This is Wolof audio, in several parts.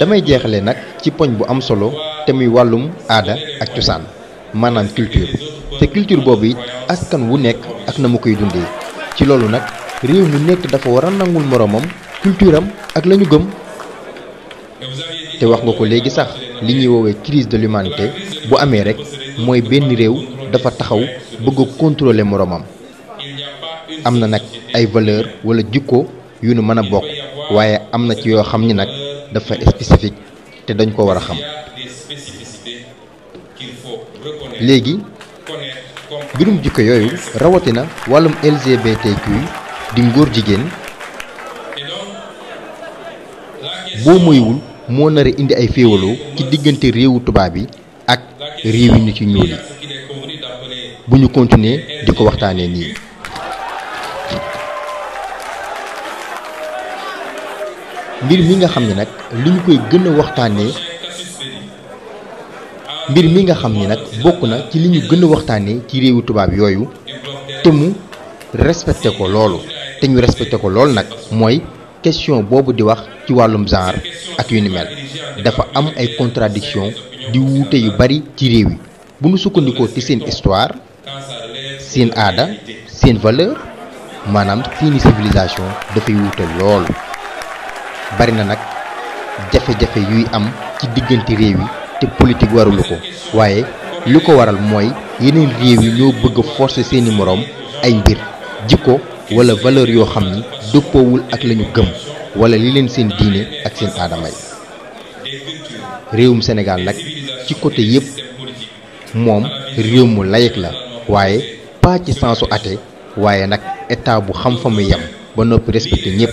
damay jeexale nag ci poñ bu am solo te muy wàllum aada ak cosaan maanaam culture te culture boobu it askan wu nekk ak na mu koy dundee ci loolu nag réew mu nekk dafa war a nangul moroomam culture am ak lañu gëm te wax nga ko léegi sax li ñuy woowee crise de l'humanité bu amee rek mooy benn réew dafa taxaw bëgg a moroomam am na nag ay valeur wala jikko yu nu mën a bokk waaye am na ci yoo xam ni nag dafa spécifique te dañ ko war a xam léegi birum jikko yooyu rawatina wàllum LGBTQ di ngóor jigéen boo moywul moo nar indi ay féewaloo ci diggante réewu tubaab yi ak réew yi ñu ci ñuul yi bu ñu continuer di ko waxtaanee nii. mbir mi nga xam ni nag li ñu koy gën a waxtaanee mbir mi nga xam ni nag bokk na ci li ñu gën a waxtaanee ci réewu tubaab yooyu te mu respecté ko loolu te ñu respecté ko loolu nag mooy question boobu di wax ci wàllum genre ak yu ni mel dafa am ay contradiction di wuute yu bari ci réew yi bu ñu sukkandikoo ci seen histoire seen aada seen valeur maanaam seeni civilisation dafay wuute loolu bari na nag jafe-jafe yuy am ci diggante réew yi te politique warulu ko waaye lu ko waral mooy yeneen réew yi ñoo bëgg a seeni moroom ay mbir jikko wala valeur yoo xam ni dëppoowul ak lañu gëm wala li leen seen diine ak seen aadama yi réewum Sénégal nag ci côté yépp moom réew mu laïc la waaye pas ci sensu athée waaye nag état bu xam fa mu yem ba noppi respecté ñépp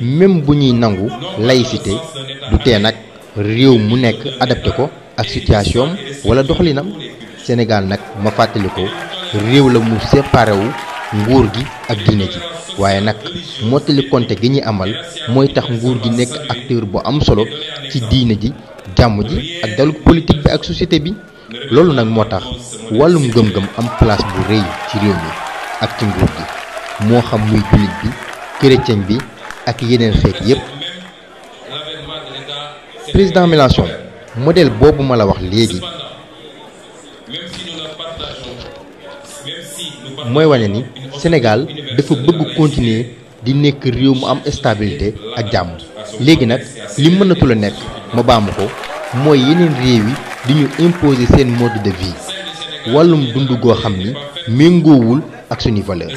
même bu ñuy nangu laïcité du tee nag réew mu nekk adapté ko ak situation wala doxalinam Sénégal nag ma fàttali ko réew la mu séparé wu nguur gi ak diine ji waaye nag mottali konte gi ñuy amal mooy tax nguur gi nekk acteur bu am solo ci diine ji jàmm ji ak dalu politique bi ak société bi loolu nag moo tax wàllum gëm-gëm am place bu rëy ci réew bi ak ci nguur gi moo xam muy jullit bi chrétien bi ak yeneen xeet yépp président Mélenchon modèle boobu ma la wax léegi mooy wane ni Sénégal dafa bëgg continuer di nekk réew mu am stabilité ak jàmm léegi nag li mënatul a nekk ma baamu ko mooy yeneen réew yi di ñu imposer seen mode de vie wàllum dund goo xam ni méngoowul ak suñuy valeur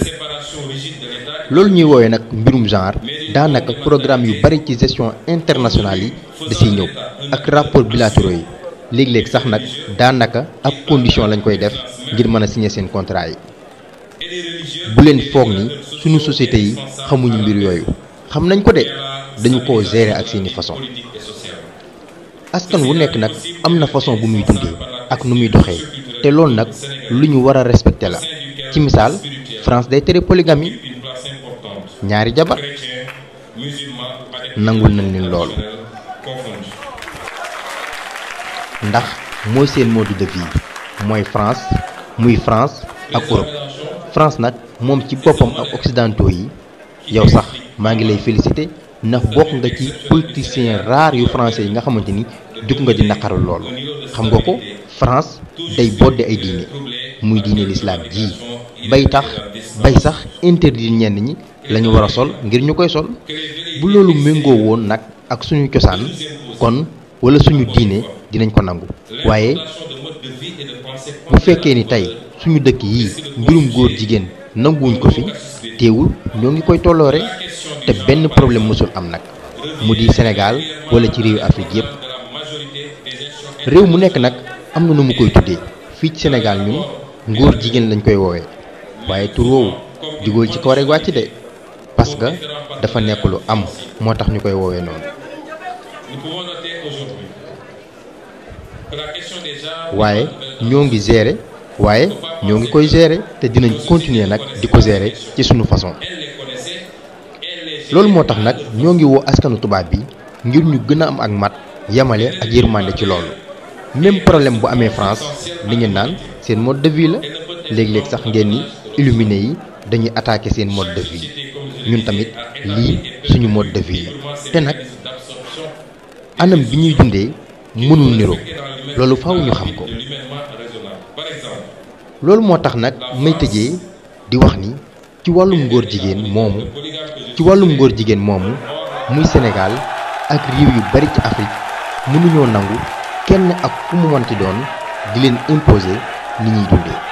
loolu ñuy woowee nag mbirum genre daanaka programme yu bari ci gestion internationale yi da ñëw ak rapport bilatéraux yi léegi léeg sax nag daanaka ab condition lañ koy def ngir mën a signer seen contrat yi bu leen foog ni suñu société yi xamuñu mbir yooyu xam nañ ko de dañu ko gérer ak seeni façon askan wu nekk nag am na façon bu muy dundee ak nu muy doxee te loolu nag lu ñu war a respecté la ci misaal France day tere polygamie ñaari jabar nangu nañ leen loolu ndax mooy seen mode de vie mooy France muy France ak Europe France nag moom ci boppam ak occidentaux yi yow sax maa ngi lay félicité ndax bokk nga ci politicien rare yu français yi nga xamante ni jug nga di naqaral loolu xam nga ko France day bodde ay diine muy diine lislaam ji bay tax bay sax interdit ñenn ñi la ñu war a sol ngir ñu koy sol bu loolu méngoo woon nag ak suñu cosaan kon wala suñu diine dinañ ko nangu waaye bu fekkee ni tey suñu dëkk yi mbirum góor jigéen nanguwuñ ko fi teewul ñoo ngi koy tolloore te benn problème mësul am nag mu di Sénégal wala ci réewu Afrique yépp réew mu nekk nag am na nu mu koy tuddee fii ci Sénégal ñun ngóor jigéen lañ koy woowee waaye tur woowu jugóol ci kaw wàcc de parce que dafa nekk lu am moo tax ñu koy woowee noonu waaye ñoo ngi gérer waaye ñoo ngi koy gérer te dinañ continuer nag di ko gérer ci suñu façon loolu moo tax nag ñoo ngi woo askanu tubaab bi ngir ñu gën a am ak mat yamale ak yërmande ci loolu même problème bu amee France li ñu naan seen mode de vie la léegi léeg sax ngeen ni illuminé yi dañuy attaquer seen mode de vie ñun tamit lii suñu mode de vie la te nag anam bi ñuy dundee mënul niroo loolu faaw ñu xam ko loolu moo tax nag may tëjee di wax ni ci wàllum ngóor jigéen moomu ci ngóor jigéen moomu muy Sénégal ak réew yu bari ci Afrique mënuñoo nangu kenn ak ku mu mënti doon di leen imposer ni ñuy dundee.